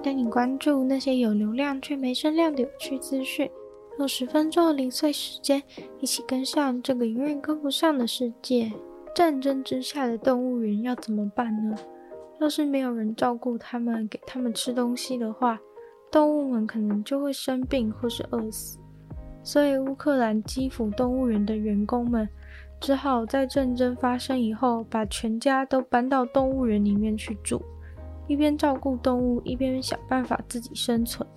帶你關注那些有流量卻沒聲量的有趣資訊，用十分鐘零碎時間，一起跟上這個永遠跟不上的世界。戰爭之下的動物園要怎麼辦呢？要是沒有人照顧他們，給他們吃東西的話，動物們可能就會生病或是餓死。所以，烏克蘭基輔動物園的員工們只好在戰爭發生以後，把全家都搬到動物園裡面去住。一邊照顧動物，一邊想辦法自己生存。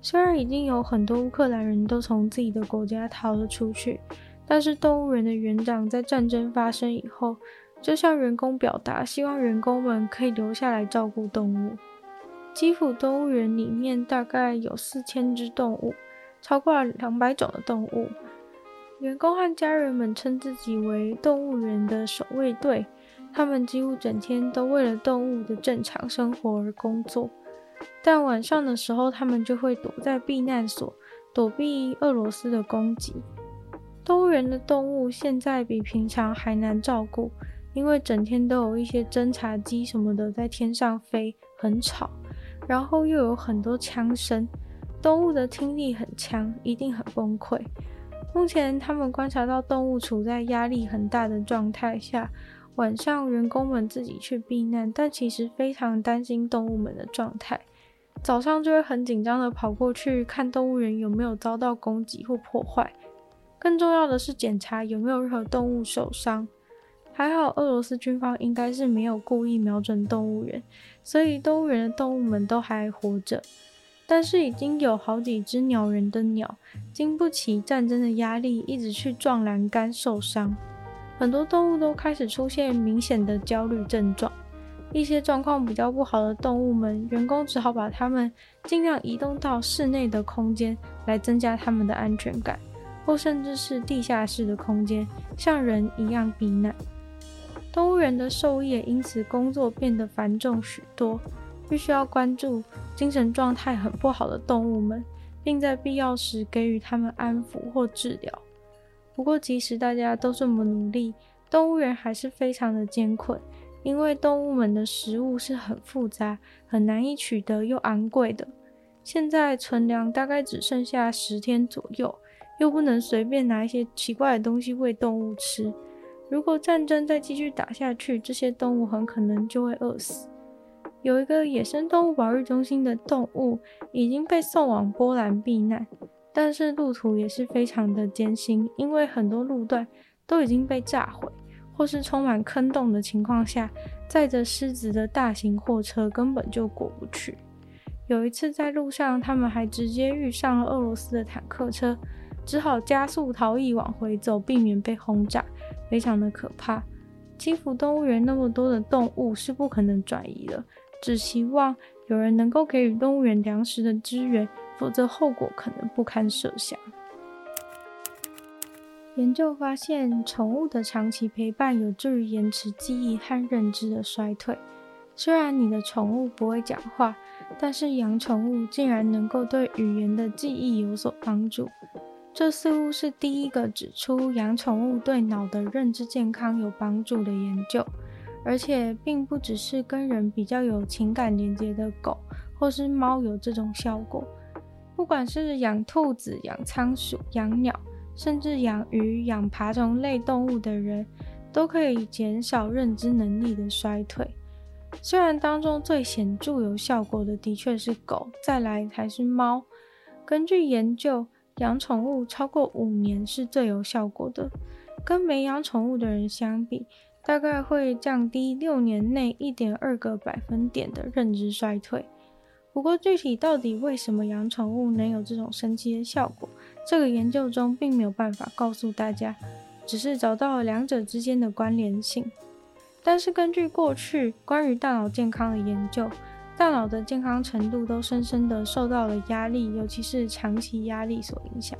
雖然已經有很多烏克蘭人都從自己的國家逃了出去，但是動物園的園長在戰爭發生以後，就向員工表達希望員工們可以留下來照顧動物。基輔動物園裡面大概有四千只動物，超過了兩百種的動物。員工和家人們稱自己為動物園的守衛隊。他們幾乎整天都為了動物的正常生活而工作，但晚上的時候，他們就會躲在避難所，躲避俄羅斯的攻擊。動物園的動物現在比平常還難照顧，因為整天都有一些偵察機什麼的在天上飛，很吵，然後又有很多槍聲。動物的聽力很強，一定很崩潰。目前他們觀察到動物處在壓力很大的狀態下。晚上，員工們自己去避難，但其實非常擔心動物們的狀態。早上就會很緊張地跑過去看動物園有沒有遭到攻擊或破壞，更重要的是檢查有沒有任何動物受傷。還好，俄羅斯軍方應該是沒有故意瞄準動物園，所以動物園的動物們都還活着。但是已經有好幾隻鳥人的鳥經不起戰爭的壓力，一直去撞欄杆受傷。很多動物都開始出現明顯的焦慮症狀，一些狀況比較不好的動物們，員工只好把它們儘量移動到室內的空間，來增加它們的安全感，或甚至是地下室的空間，像人一樣避難。動物園的獸醫也因此工作變得繁重許多，必須要關注精神狀態很不好的動物們，並在必要時給予它們安撫或治療。不過，即使大家都這麼努力，動物園還是非常的艱困，因為動物們的食物是很複雜、很難以取得又昂貴的。現在存糧大概只剩下十天左右，又不能隨便拿一些奇怪的東西餵動物吃。如果戰爭再繼續打下去，這些動物很可能就會餓死。有一個野生動物保育中心的動物已經被送往波蘭避難。但是路途也是非常的艱辛，因為很多路段都已經被炸毀，或是充滿坑洞的情況下，載着獅子的大型貨車根本就過不去。有一次在路上，他們還直接遇上了俄羅斯的坦克車，只好加速逃逸往回走，避免被轟炸，非常的可怕。基輔動物園那麼多的動物是不可能轉移的，只希望有人能夠給予動物園糧食的支援。否則後果可能不堪設想。研究發現，寵物的長期陪伴有助於延遲記憶和認知的衰退。雖然你的寵物不會講話，但是養寵物竟然能夠對語言的記憶有所幫助。這似乎是第一個指出養寵物對腦的認知健康有幫助的研究，而且並不只是跟人比較有情感連接的狗或是貓有這種效果。不管是養兔子、養倉鼠、養鳥，甚至養魚、養爬蟲類動物的人，都可以減少認知能力的衰退。雖然當中最顯著有效果的的確是狗，再來才是貓。根據研究，養寵物超過五年是最有效果的，跟沒養寵物的人相比，大概會降低六年內一點二個百分點的認知衰退。不過，具體到底為什麼養寵物能有這種神奇的效果，這個研究中並沒有辦法告訴大家，只是找到了兩者之間的關聯性。但是，根據過去關於大腦健康的研究，大腦的健康程度都深深的受到了壓力，尤其是長期壓力所影響。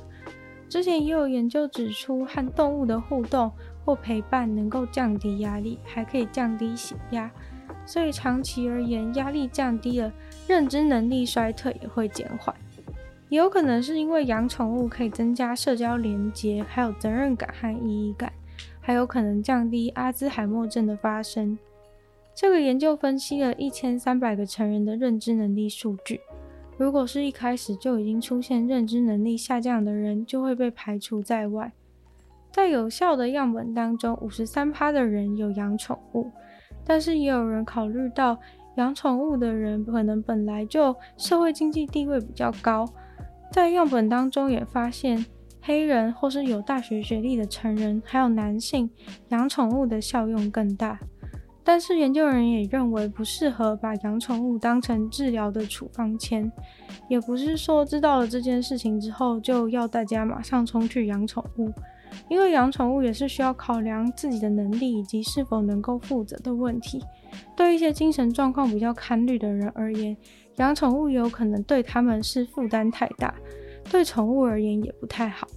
之前也有研究指出，和動物的互動或陪伴能夠降低壓力，還可以降低血壓。所以長期而言，壓力降低了，認知能力衰退也會減緩。也有可能是因為養寵物可以增加社交連結，還有責任感和意義感，還有可能降低阿茲海默症的發生。這個研究分析了一千三百個成人的認知能力數據。如果是一開始就已經出現認知能力下降的人，就會被排除在外。在有效的樣本當中，五十三趴的人有養寵物。但是也有人考慮到，養寵物的人可能本來就社會經濟地位比較高，在樣本當中也發現黑人或是有大學學歷的成人，還有男性養寵物的效用更大。但是研究人也認為不適合把養寵物當成治療的處方簽，也不是說知道了這件事情之後就要大家馬上衝去養寵物。因為養寵物也是需要考量自己的能力以及是否能夠負責的問題。對一些精神狀況比較堪慮的人而言，養寵物有可能對他們是負擔太大，對寵物而言也不太好。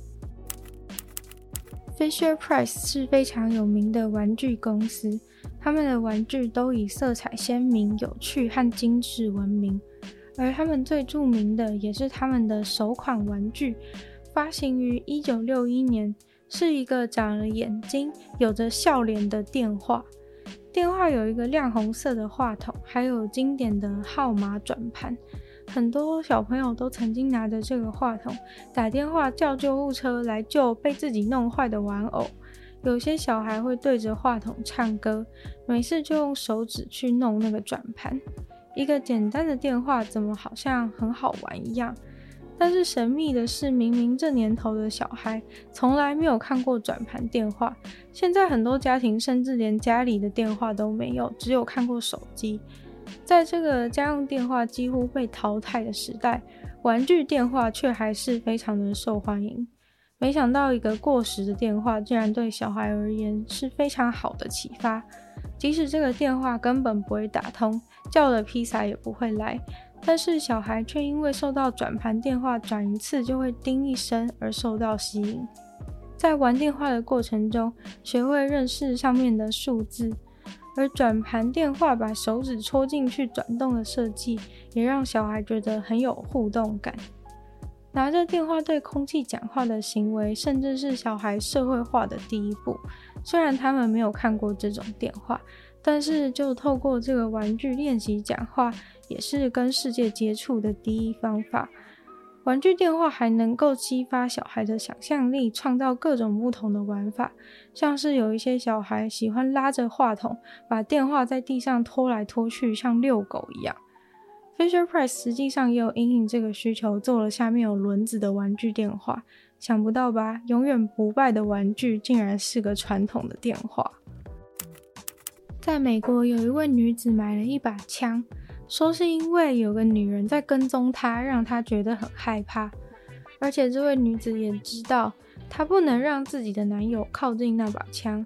Fisher Price 是非常有名的玩具公司，他們的玩具都以色彩鮮明、有趣和精致聞名。而他們最著名的也是他們的首款玩具，發行於1961年。是一個長了眼睛、有着笑臉的電話。電話有一個亮紅色的話筒，還有經典的號碼轉盤。很多小朋友都曾經拿着這個話筒打電話叫救護車來救被自己弄壞的玩偶。有些小孩會對着話筒唱歌，沒事就用手指去弄那個轉盤。一個簡單的電話，怎麼好像很好玩一樣？但是神秘的是，明明這年頭的小孩從來沒有看過轉盤電話，現在很多家庭甚至連家裡的電話都沒有，只有看過手機。在這個家用電話幾乎被淘汰的時代，玩具電話卻還是非常的受歡迎。沒想到一個過時的電話，竟然對小孩而言是非常好的啟發。即使這個電話根本不會打通，叫了披薩也不會來。但是小孩卻因為受到轉盤電話轉一次就會叮一聲而受到吸引，在玩電話的過程中，學會認識上面的數字，而轉盤電話把手指戳進去轉動的設計，也讓小孩覺得很有互動感。拿着電話對空氣講話的行為，甚至是小孩社會化的第一步。雖然他們沒有看過這種電話，但是就透過這個玩具練習講話，也是跟世界接觸的第一方法。玩具電話還能夠激發小孩的想象力，創造各種不同的玩法。像是有一些小孩喜歡拉着話筒，把電話在地上拖來拖去，像遛狗一樣。Fisher Price 實際上也有因應這個需求，做了下面有輪子的玩具電話。想不到吧？永遠不敗的玩具，竟然是個傳統的電話。在美國，有一位女子買了一把槍，說是因為有個女人在跟蹤她，讓她覺得很害怕。而且這位女子也知道，她不能讓自己的男友靠近那把槍，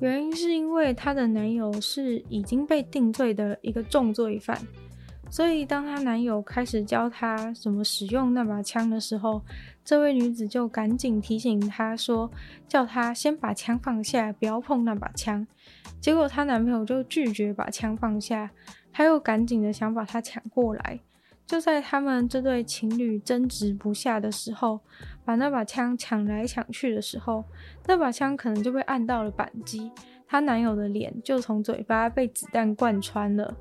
原因是因為她的男友是已經被定罪的一個重罪犯。所以，當她男友開始教她怎麼使用那把槍的時候，這位女子就趕緊提醒他說：“叫他先把槍放下，不要碰那把槍。”結果，她男朋友就拒絕把槍放下，她又趕緊的想把她搶過來。就在他們這對情侶爭執不下的時候，把那把槍搶來搶去的時候，那把槍可能就被按到了扳機，她男友的臉就從嘴巴被子彈貫穿了。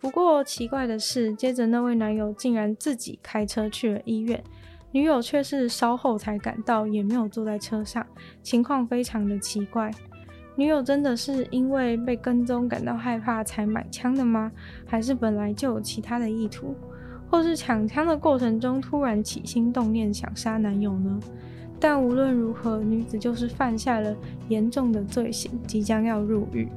不過奇怪的是，接着那位男友竟然自己開車去了醫院，女友卻是稍後才趕到，也沒有坐在車上，情況非常的奇怪。女友真的是因為被跟蹤感到害怕才買槍的嗎？還是本來就有其他的意圖，或是搶槍的過程中突然起心動念想殺男友呢？但無論如何，女子就是犯下了嚴重的罪行，即將要入獄。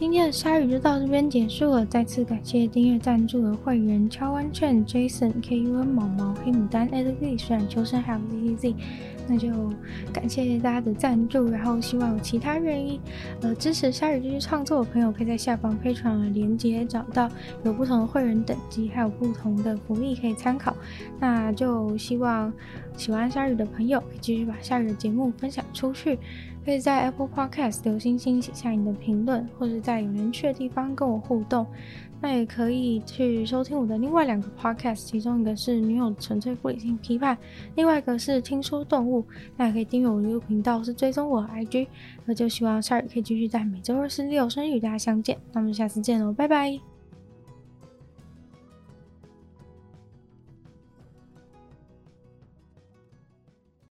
今天的鯊魚就到這邊結束了，再次感謝訂閱、贊助的會員：超安券、Jason、Kun、毛毛、黑牡丹、S z 雖然求生還有 Z Z。那就感謝大家的贊助，然後希望有其他願意呃支持鯊魚繼續創作的朋友，可以在下方 Patreon 的連接找到，有不同的會員等級，還有不同的福利可以參考。那就希望喜歡鯊魚的朋友可以繼續把鯊魚的節目分享出去。可以在 Apple Podcast 留星星，寫下你的評論，或是在有人去的地方跟我互動。那也可以去收聽我的另外兩個 podcast，其中一個是《女友純粹不理性批判》，另外一個是《聽說動物》。那也可以訂閱我的 YouTube 頻道，是追蹤我的 IG。那就希望鯊魚可以繼續在每周二四六生日與大家相見。那我們下次見嘍，拜拜。